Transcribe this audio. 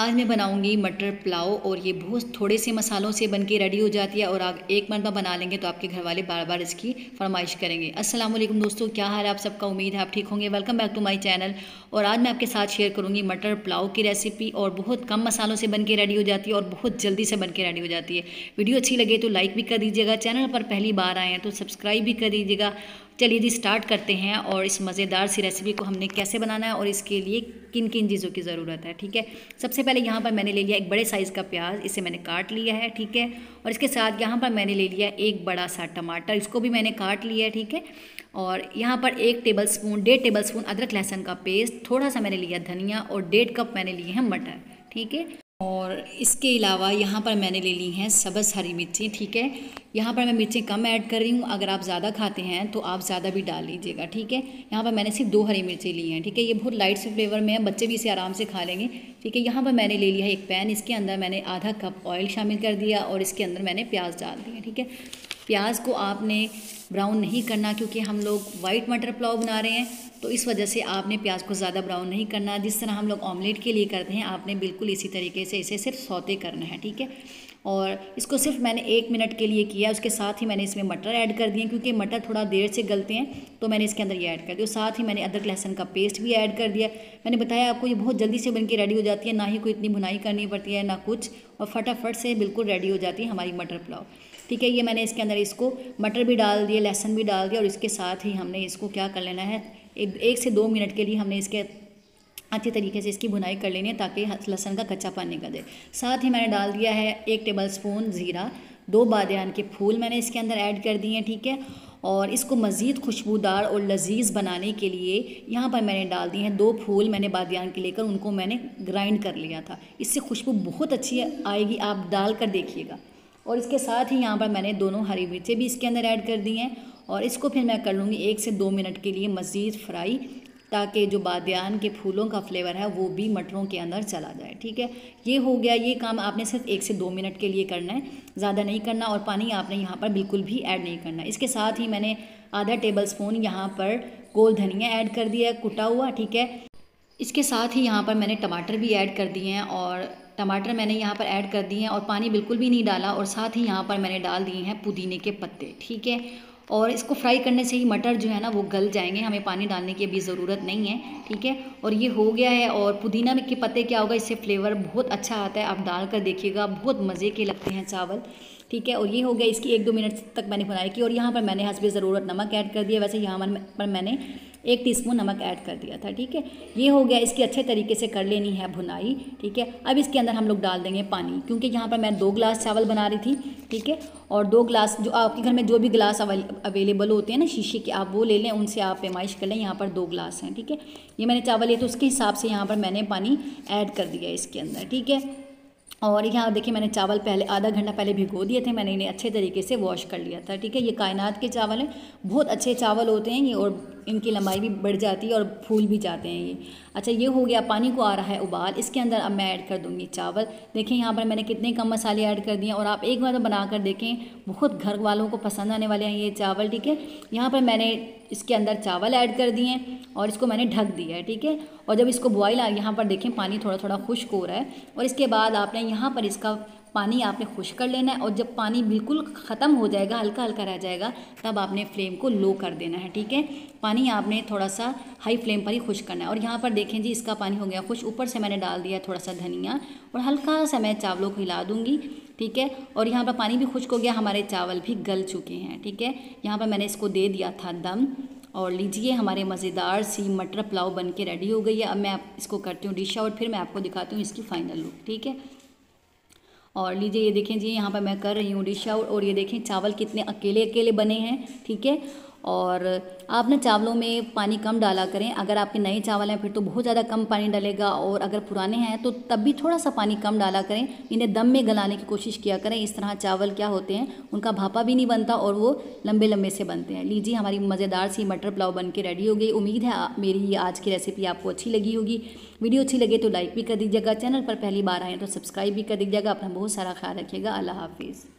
आज मैं बनाऊंगी मटर पुलाव और ये बहुत थोड़े से मसालों से बनके रेडी हो जाती है और आप एक मरतबा बना लेंगे तो आपके घर वाले बार बार इसकी फरमाइश करेंगे अस्सलाम वालेकुम दोस्तों क्या हाल है आप सबका उम्मीद है आप ठीक होंगे welcome back to my channel और आज मैं आपके साथ शेयर करूँगी मटर पुलाव की रेसिपी और बहुत कम मसालों से बन के रेडी हो जाती है और बहुत जल्दी से बन के रेडी हो जाती है वीडियो अच्छी लगे तो लाइक भी कर दीजिएगा चैनल पर पहली बार आए हैं तो सब्सक्राइब भी कर दीजिएगा चलिए जी स्टार्ट करते हैं और इस मज़ेदार सी रेसिपी को हमने कैसे बनाना है और इसके लिए किन किन चीज़ों की ज़रूरत है ठीक है सबसे पहले यहाँ पर मैंने ले लिया एक बड़े साइज़ का प्याज इसे मैंने काट लिया है ठीक है और इसके साथ यहाँ पर मैंने ले लिया एक बड़ा सा टमाटर इसको भी मैंने काट लिया है ठीक है और यहाँ पर एक टेबल स्पून डेढ़ टेबल स्पून अदरक लहसुन का पेस्ट थोड़ा सा मैंने लिया धनिया और डेढ़ कप मैंने लिए हैं मटर ठीक है और इसके अलावा यहाँ पर मैंने ले ली हैं सबस हरी मिर्ची ठीक है यहाँ पर मैं मिर्ची कम ऐड कर रही हूँ अगर आप ज़्यादा खाते हैं तो आप ज़्यादा भी डाल लीजिएगा ठीक है यहाँ पर मैंने सिर्फ दो हरी मिर्ची ली हैं ठीक है ये बहुत लाइट से फ्लेवर में है बच्चे भी इसे आराम से खा लेंगे ठीक है यहाँ पर मैंने ले लिया है एक पैन इसके अंदर मैंने आधा कप ऑयल शामिल कर दिया और इसके अंदर मैंने प्याज डाल दिया ठीक है प्याज को आपने ब्राउन नहीं करना क्योंकि हम लोग वाइट मटर पुलाव बना रहे हैं तो इस वजह से आपने प्याज को ज़्यादा ब्राउन नहीं करना जिस तरह हम लोग ऑमलेट के लिए करते हैं आपने बिल्कुल इसी तरीके से इसे सिर्फ सौते करना है ठीक है और इसको सिर्फ मैंने एक मिनट के लिए किया उसके साथ ही मैंने इसमें मटर ऐड कर दिए क्योंकि मटर थोड़ा देर से गलते हैं तो मैंने इसके अंदर ये ऐड कर दिया साथ ही मैंने अदरक लहसन का पेस्ट भी ऐड कर दिया मैंने बताया आपको ये बहुत जल्दी से बन के रेडी हो जाती है ना ही कोई इतनी भुनाई करनी पड़ती है ना कुछ और फटाफट से बिल्कुल रेडी हो जाती है हमारी मटर पुलाव ठीक है ये मैंने इसके अंदर इसको मटर भी डाल दिए लहसुन भी डाल दिया और इसके साथ ही हमने इसको क्या कर लेना है एक, एक से दो मिनट के लिए हमने इसके अच्छे तरीके से इसकी भुनाई कर लेनी है ताकि लहसन का कच्चा पानी निकल दे साथ ही मैंने डाल दिया है एक टेबल स्पून ज़ीरा दो बादन के फूल मैंने इसके अंदर ऐड कर दिए हैं ठीक है और इसको मज़ीद खुशबूदार और लजीज बनाने के लिए यहाँ पर मैंने डाल दिए हैं दो फूल मैंने बादियान के लेकर उनको मैंने ग्राइंड कर लिया था इससे खुशबू बहुत अच्छी आएगी आप डाल कर देखिएगा और इसके साथ ही यहाँ पर मैंने दोनों हरी मिर्चें भी इसके अंदर ऐड कर दी हैं और इसको फिर मैं कर लूँगी एक से दो मिनट के लिए मज़ीद फ्राई ताकि जो बादन के फूलों का फ्लेवर है वो भी मटरों के अंदर चला जाए ठीक है ये हो गया ये काम आपने सिर्फ एक से दो मिनट के लिए करना है ज़्यादा नहीं करना और पानी आपने यहाँ पर बिल्कुल भी ऐड नहीं करना इसके साथ ही मैंने आधा टेबल स्पून यहाँ पर गोल धनिया ऐड कर दिया है कुटा हुआ ठीक है इसके साथ ही यहाँ पर मैंने टमाटर भी ऐड कर दिए हैं और टमाटर मैंने यहाँ पर ऐड कर दिए हैं और पानी बिल्कुल भी नहीं डाला और साथ ही यहाँ पर मैंने डाल दिए हैं पुदीने के पत्ते ठीक है और इसको फ्राई करने से ही मटर जो है ना वो गल जाएंगे हमें पानी डालने की अभी ज़रूरत नहीं है ठीक है और ये हो गया है और पुदीना के पत्ते क्या होगा इससे फ्लेवर बहुत अच्छा आता है आप डाल कर देखिएगा बहुत मज़े के लगते हैं चावल ठीक है और ये हो गया इसकी एक दो मिनट तक मैंने बनाई की और यहाँ पर मैंने हंसबे ज़रूरत नमक ऐड कर दिया वैसे यहाँ पर मैंने एक टीस्पून नमक ऐड कर दिया था ठीक है ये हो गया इसकी अच्छे तरीके से कर लेनी है भुनाई ठीक है अब इसके अंदर हम लोग डाल देंगे पानी क्योंकि यहाँ पर मैं दो ग्लास चावल बना रही थी ठीक है और दो ग्लास जो आपके घर में जो भी ग्लास अवेलेबल होते हैं ना शीशे के आप वो ले लें उनसे आप पेमाइश कर लें यहाँ पर दो ग्लास हैं ठीक है ये मैंने चावल लिए तो उसके हिसाब से यहाँ पर मैंने पानी ऐड कर दिया इसके अंदर ठीक है और यहाँ देखिए मैंने चावल पहले आधा घंटा पहले भिगो दिए थे मैंने इन्हें अच्छे तरीके से वॉश कर लिया था ठीक है ये कायनात के चावल हैं बहुत अच्छे चावल होते हैं ये और इनकी लंबाई भी बढ़ जाती है और फूल भी जाते हैं ये अच्छा ये हो गया पानी को आ रहा है उबाल इसके अंदर अब मैं ऐड कर दूँगी चावल देखें यहाँ पर मैंने कितने कम मसाले ऐड कर दिए और आप एक बार तो बना कर देखें बहुत घर वालों को पसंद आने वाले हैं ये चावल ठीक है यहाँ पर मैंने इसके अंदर चावल ऐड कर दिए और इसको मैंने ढक दिया है ठीक है और जब इसको बॉयल यहाँ पर देखें पानी थोड़ा थोड़ा खुश्क हो रहा है और इसके बाद आपने यहाँ पर इसका पानी आपने खुश कर लेना है और जब पानी बिल्कुल ख़त्म हो जाएगा हल्का हल्का रह जाएगा तब आपने फ्लेम को लो कर देना है ठीक है पानी आपने थोड़ा सा हाई फ्लेम पर ही खुश करना है और यहाँ पर देखें जी इसका पानी हो गया खुश ऊपर से मैंने डाल दिया थोड़ा सा धनिया और हल्का सा मैं चावलों को हिला दूँगी ठीक है और यहाँ पर पानी भी खुश्क हो गया हमारे चावल भी गल चुके हैं ठीक है यहाँ पर मैंने इसको दे दिया था दम और लीजिए हमारे मज़ेदार सी मटर पुलाव बन के रेडी हो गई है अब मैं आप इसको करती हूँ डिश और फिर मैं आपको दिखाती हूँ इसकी फ़ाइनल लुक ठीक है और लीजिए ये देखें जी यहाँ पर मैं कर रही हूँ डिश आउट और ये देखें चावल कितने अकेले अकेले बने हैं ठीक है और आप ना चावलों में पानी कम डाला करें अगर आपके नए चावल हैं फिर तो बहुत ज़्यादा कम पानी डलेगा और अगर पुराने हैं तो तब भी थोड़ा सा पानी कम डाला करें इन्हें दम में गलाने की कोशिश किया करें इस तरह चावल क्या होते हैं उनका भापा भी नहीं बनता और वो लंबे लंबे से बनते हैं लीजिए हमारी मज़ेदार सी मटर पुलाव बन के रेडी हो गई उम्मीद है मेरी ये आज की रेसिपी आपको अच्छी लगी होगी वीडियो अच्छी लगे तो लाइक भी कर दीजिएगा चैनल पर पहली बार आए तो सब्सक्राइब भी कर दीजिएगा अपना बहुत सारा ख्याल रखिएगा अल्लाह हाफिज़